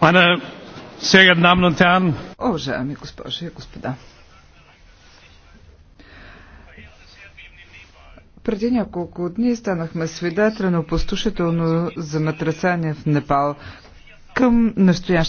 Meine sehr geehrten Damen und Herren, уважаеми госпожи и господа, преди няколко дни станахме свидетели на опустошително земетресение в Непал. Към настоящ